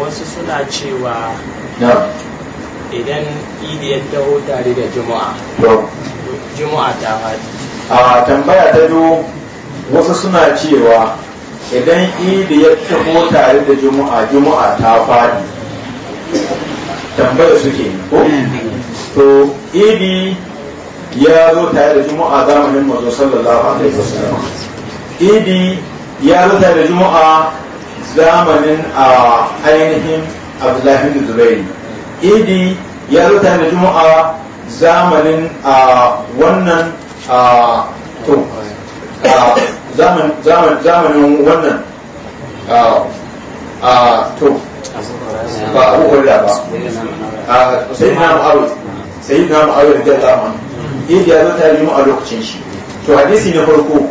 wasu suna cewa idan idi ya dawo tare da juma'a juma'a ta fadi a tambaya ta do wasu suna cewa idan idi ya taho tare da juma'a juma'a ta fadi tambaya suke ko to idi ya zo tare da juma'a zamanin mazo sallallahu alaihi wasallam idi ya zo tare da juma'a zamanin a ainihin abdullahi da zubairi idi ya zo da juma'a zamanin a wannan a to zamanin wannan a to ba a abu da ba sai na ma'aru sai na ma'aru da zaman idi ya zo da juma'a lokacin shi to hadisi na farko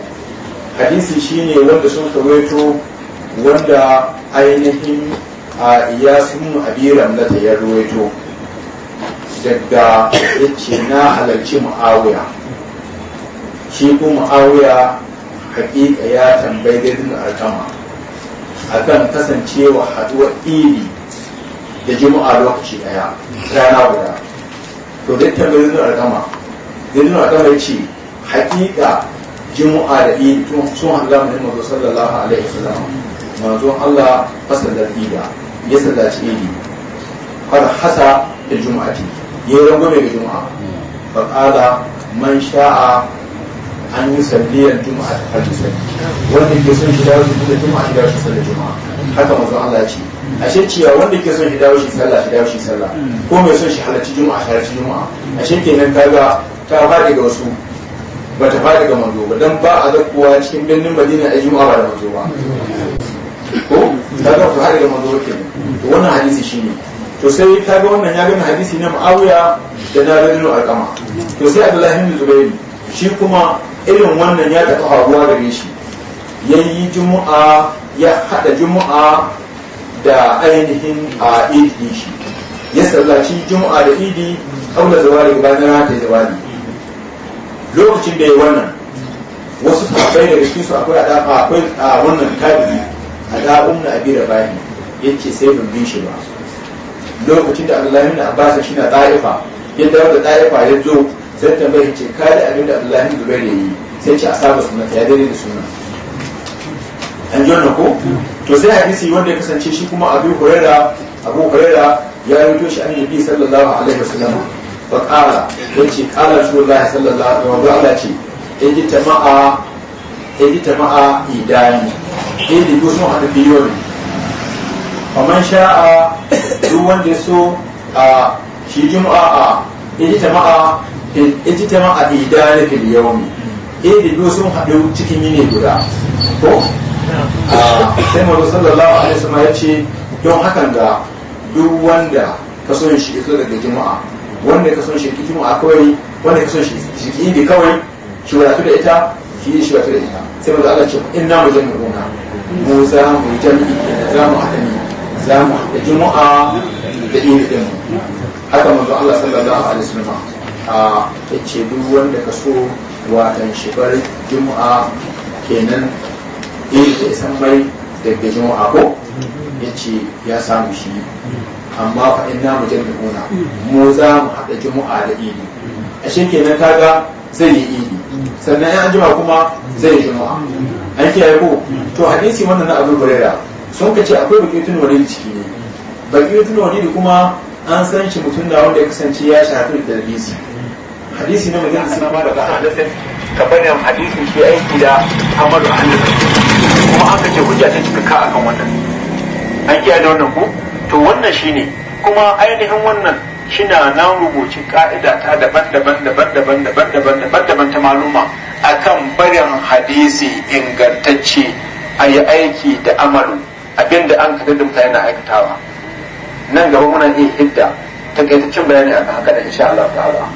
hadisi shine wanda sun kawaito wanda ainihin a sun abiran da ta ya ruwaito daga ya ce na halarci mu'awiya shi ko mu'awiya hakika ya tambayi daidin alkama akan kasancewa haduwar iri da juma'a lokaci daya rana guda to duk tambayi daidin alkama daidin alkama ya ce hakika juma'a da iri sun halar muhammadu sallallahu alaihi wasallam manzon Allah da ida ya sallaci idi har hasa da juma'ati ya yi rangwame ga juma'a faƙala man sha'a an yi salliyar juma'a ta farki salli wanda ke son shi dawo shi da juma'a shi dawo shi sallar juma'a haka manzon Allah ce ashe cewa wanda ke son shi dawo shi sallah shi dawo shi sallah ko mai son shi halarci juma'a shi halarci juma'a a ashe kenan kaga ta ba daga wasu ba ta fara ga manzo ba dan ba a zakkuwa cikin birnin Madina a juma'a ba da manzo ba ko da ga ku da manzo ke to wannan hadisi shine to sai ta ga wannan ya gani hadisi na Muawiya da na Rajulu Arqama to sai Abdullahi bin Zubair shi kuma irin wannan ya tafi haguwa gare shi yayi Juma'a ya hada Juma'a da ainihin a idi shi ya sallaci Juma'a da idi kaula zawari bayan rana ta zawari lokacin da ya wannan wasu sahabbai da cikin su akwai a wannan tabi'i a ɗa'un na abi da ya ce sai ban bin shi ba lokacin da Allah na abbas shi na da'ifa ya dawo da ya zo sai tambaye ce ka da abin da abdullahi zubair ya yi sai ce a saba sunna ya dare da suna an ji wannan ko to sai hadisi wanda ya kasance shi kuma abu huraira abu huraira ya rubuto shi an sallallahu alaihi wasallam fa qala yace qala rasulullahi sallallahu alaihi wasallam ce ji ijtama'a idani shi inda biyu sun haɗu biyu ne a a a sha so shi ومن شاء دون يسو da جمعة اجتماع اجتماع في ذلك اليوم إذ يوسف حدو تكميني guda ko a sai mu sallallahu alaihi wasallam ya ce don hakan da duk wanda ka so shi ito daga juma'a wanda ka so shi ki juma'a kawai wanda ka so shi shi kawai shi wadatu da ita shi shi wadatu da ita sai mu da Allah ce inna mujammu'un mu za mu yi jam'i za mu haɗa ne za mu haɗa juma'a da iri ɗin haka manzo Allah sallallahu alaihi wasallam a yace duk wanda ka so watan shigar juma'a kenan iri da isan mai daga juma'a ko yace ya samu shi amma fa inna kuna mu za mu haɗa juma'a da iri ashe kenan kaga zai yi iri sannan an jima kuma zai yi juma'a an kiyaye ko to hadisi wannan na abu huraira sun ka ce akwai wani da ciki ne tun wani da kuma an san shi mutum da wanda ya kasance ya shafi da hadisi hadisi na mutum suna ba da hadisin ka bari hadisi ke aiki da da hadisin kuma aka ce hujja ta cika ka akan wannan an kiya da wannan ku to wannan shine kuma ainihin wannan shina nan rubuci ka'ida ta daban-daban daban-daban daban-daban daban-daban ta maluma akan barin hadisi ingantacce a yi aiki da amalu abinda an kadar da mutane na aikatawa nan gaba muna iya hidda ta cin bayani a haka da insha Allah ta'ala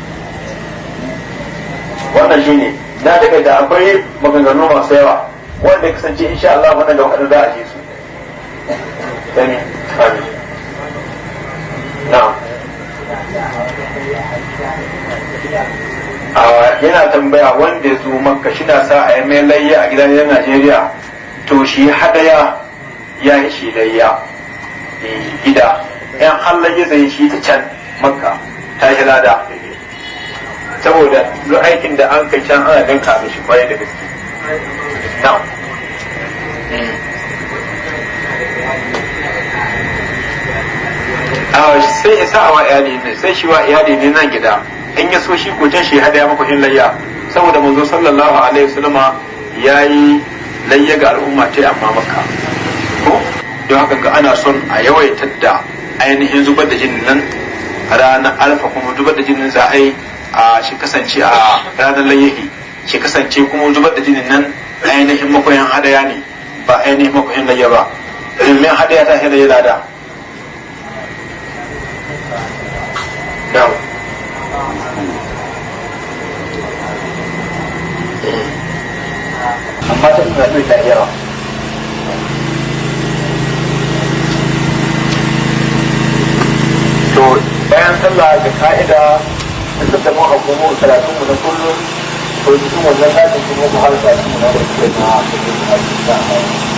wannan shine na daga da akwai maganganu masu yawa wanda ya kasance insha Allah wannan da wadanda za a su na yana tambaya wanda ya zo makka shi na sa a yi mai layya a gidan Najeriya to shi hadaya ya yi shi layya eh, gida yan Allah ya zai shi ta can makka ta shi lada saboda duk aikin da an kai can ana ganka da shi kwarai da gaske na eh. a sai ya sa wa iyali ne sai shi wa iyali ne nan gida in ya so shi ko can shi ya muku in layya saboda manzo sallallahu alaihi wasallama yayi layya ga al'umma ta amma maka ko don haka ga ana son a yawaita da ainihin zubar da jinin nan ranar alfa kuma zubar da jinin za a yi a shi kasance a ranar layyahi shi kasance kuma zubar da jinin nan ainihin makoyan hadaya ne ba ainihin makoyan layya ba domin hadaya ta hira lada dawo fatan suna ɗin lahira to bayan sallah ga ka'ida da tattalin hukumu talatin mu na kullum to cikin wannan sakin kuma ku har sakin